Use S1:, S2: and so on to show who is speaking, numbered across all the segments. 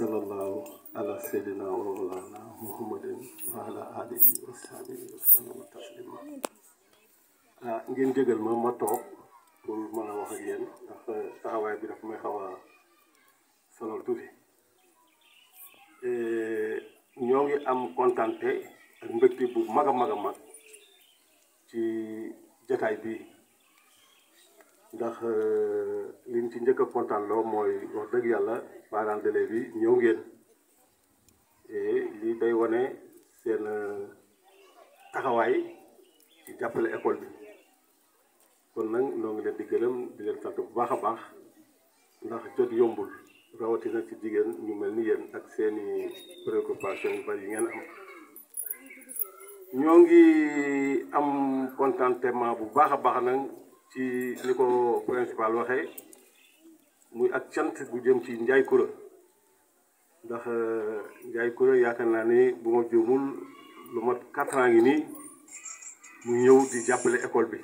S1: وصلى الله على سيدنا ومولانا محمد وعلى آله وصحبه وسلم تسليما ngeen jégal ma ma toog pour mën a wax ak yéen ndax eh, taxawaay bi daf may xaw a sonal tuuti eh, ñoo ngi am kontante ak mbégte bu mag a mag a mag ci jataay bi ndax euh, liñ ci njëkk a kontaan loo mooy wax dëgg yàlla parent délai bi ñëw ngeen et lii day wane seen euh, taxawaay ci jàppale école bi kon nag noo ngi leen di gërëm di leen sant bu baax a baax ndax jot yombul rawatina ci jigéen ñu mel ni yéen ak seeni préoccupation yu bari yi ngeen am ñoo ngi am contentement bu baax a baax nag ci li ko principal waxe muy ak tiant gu jëm ci njaay kura ndax euh, njaay kura yaaka na ni bu ma jëmul lu mat 4 ans ngi nii mu ñew di jàppale école bi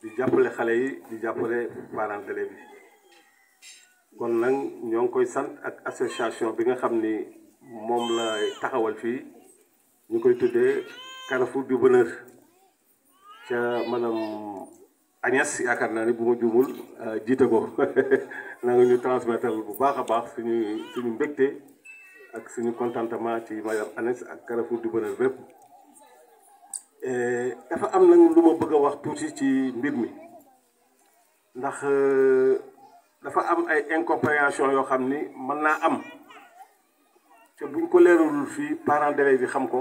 S1: di jàppale xalé yi di jàppale parents d'élèves bi kon nak ñong koy sante ak association bi nga xamni mom la taxawal fi ñukoy tuddé Carrefour du Bonheur ca manam Agnès yaakaar naa ni bu ma juumul euh, jiite ko nga ñu transmettre bu baax a baax suñu suñu mbégte ak suñu contentement ci madame Agnès ak Carrefour du Bonheur bépp euh, dafa am nag lu ma bëgg a wax tuuti ci mbir mi ndax euh, dafa am ay incompréhension yoo xam ni mën naa am te buñ ko leeralul fii parents d'élèves bi xam ko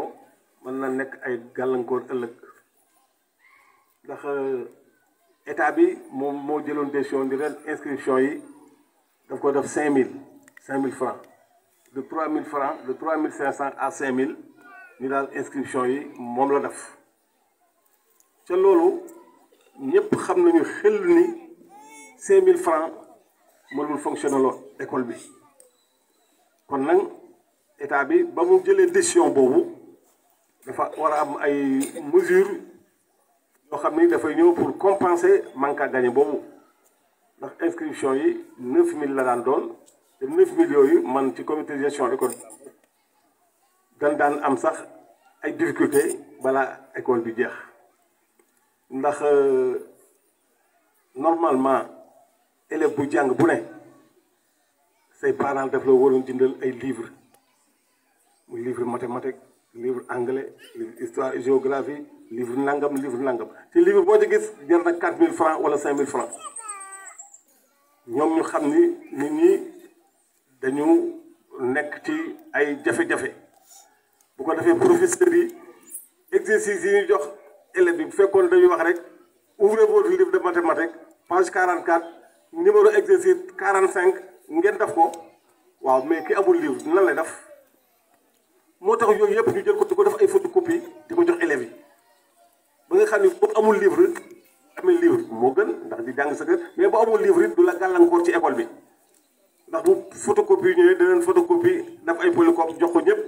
S1: mën na nekk ay gàllankoor ëllëg ndax état bi mom mo jëlon décision di ren inscription yi daf ko def 5000 5000 francs de 3000 francs de 3500 à 5000 ni dal inscription yi mom la def ci lolu ñepp xam nañu fait 5000 francs mo lu fonctionnelo école bi kon nak état bi ba mu jëlé décision bobu dafa wara am ay mesures donc, xam ni dafay pour compenser manque à gagner ndax inscription yi 9000 la et 9 000 9000 yooyu man ci comité de gestion école dan daan am sax ay difficulté balaa école bi jeex ndax euh, normalement élève bu jàng bu ne say parents daf la waroon jëndal ay livre un livre mathématique livre anglais livre histoire géographie livre langue livre nangam livre 4000 francs 5000 francs Nous, ñu professeurs exercice yi ouvrez livre de mathématiques page 44 numéro exercice 45 vous avez mais livre nan moo tax yooyu yëpp ñu jël ko di def ay photocopie di ko jox élèves yi ba nga xam ne boobu amul livre amee livre moo gën ndax di jàng sa mais boo amul livre it du la gàllankoor ci école bi ndax bu photocopie ñëwee danañ photocopie daf ay polycopies jox ko ñëpp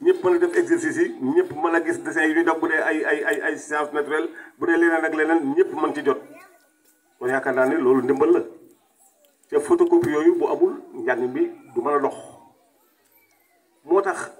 S1: ñëpp mën a def exercice yi ñëpp mën a gis dessin yi ñuy def bu dee ay ay ay ay sciences naturelles bu dee leneen ak leneen ñëpp mën ci jot kon yaakaar naa ne loolu ndimbal la te photocopie yooyu bu amul njàng bi du mën a dox tax.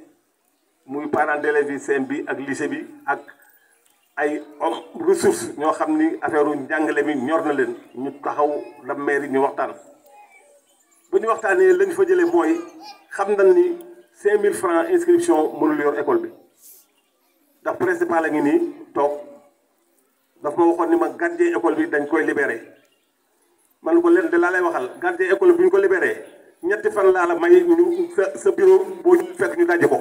S1: muy parents d'élèves yi CM bi ak lycée bi ak ay ressources ñoo xam ni affaire njàngale mi ñor na leen ñu taxaw la maire ñu waxtaan bu ñu waxtaanee lañ fa jëlee mooy xam nañ ni cinq mille francs inscription mënul yor école bi ndax principal a ngi nii toog daf ma waxoon ni ma gardien école bi dañ koy libéré man ko leen de laa lay waxal gardien école bi ñu ko libéré ñetti fan laa la may ñu sa bureau boo fekk ñu daje ko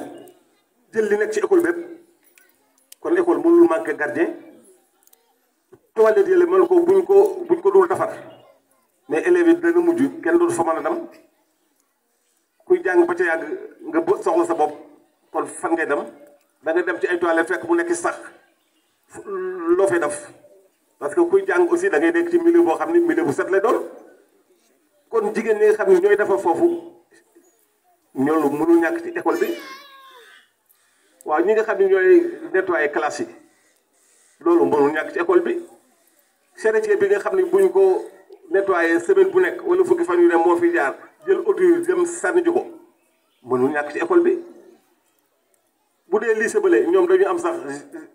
S1: jël li nekk ci école bépp kon école mënul manqué gardien toilette yële mën ko buñ ko buñ ko dul defar mais élèves yi dana mujj kenn dootu fa mën a dem kuy jàng ba ca yàgg nga soxla sa bopp kon fan ngay dem da nga dem ci ay toilette fekk mu nekk sax loo fay def parce que kuy jàng aussi da ngay nekk ci milieu boo xam ne milieu bu set lay doon kon jigéen ñi nga xam ne ñooy defar foofu ñoolu mënul ñàkk ci école bi waaw ñi nga xam ne ñooy nettoyer classe yi loolu mënul ñàkk ci école bi charretier bi nga xam ne buñ ko nettoyer semaine bu nekk wala fukki fan yu ne moo fi jaar jël oto yi dem sànni ji ko mënul ñàkk ci école bi bu dee lycée bële ñoom dañu am sax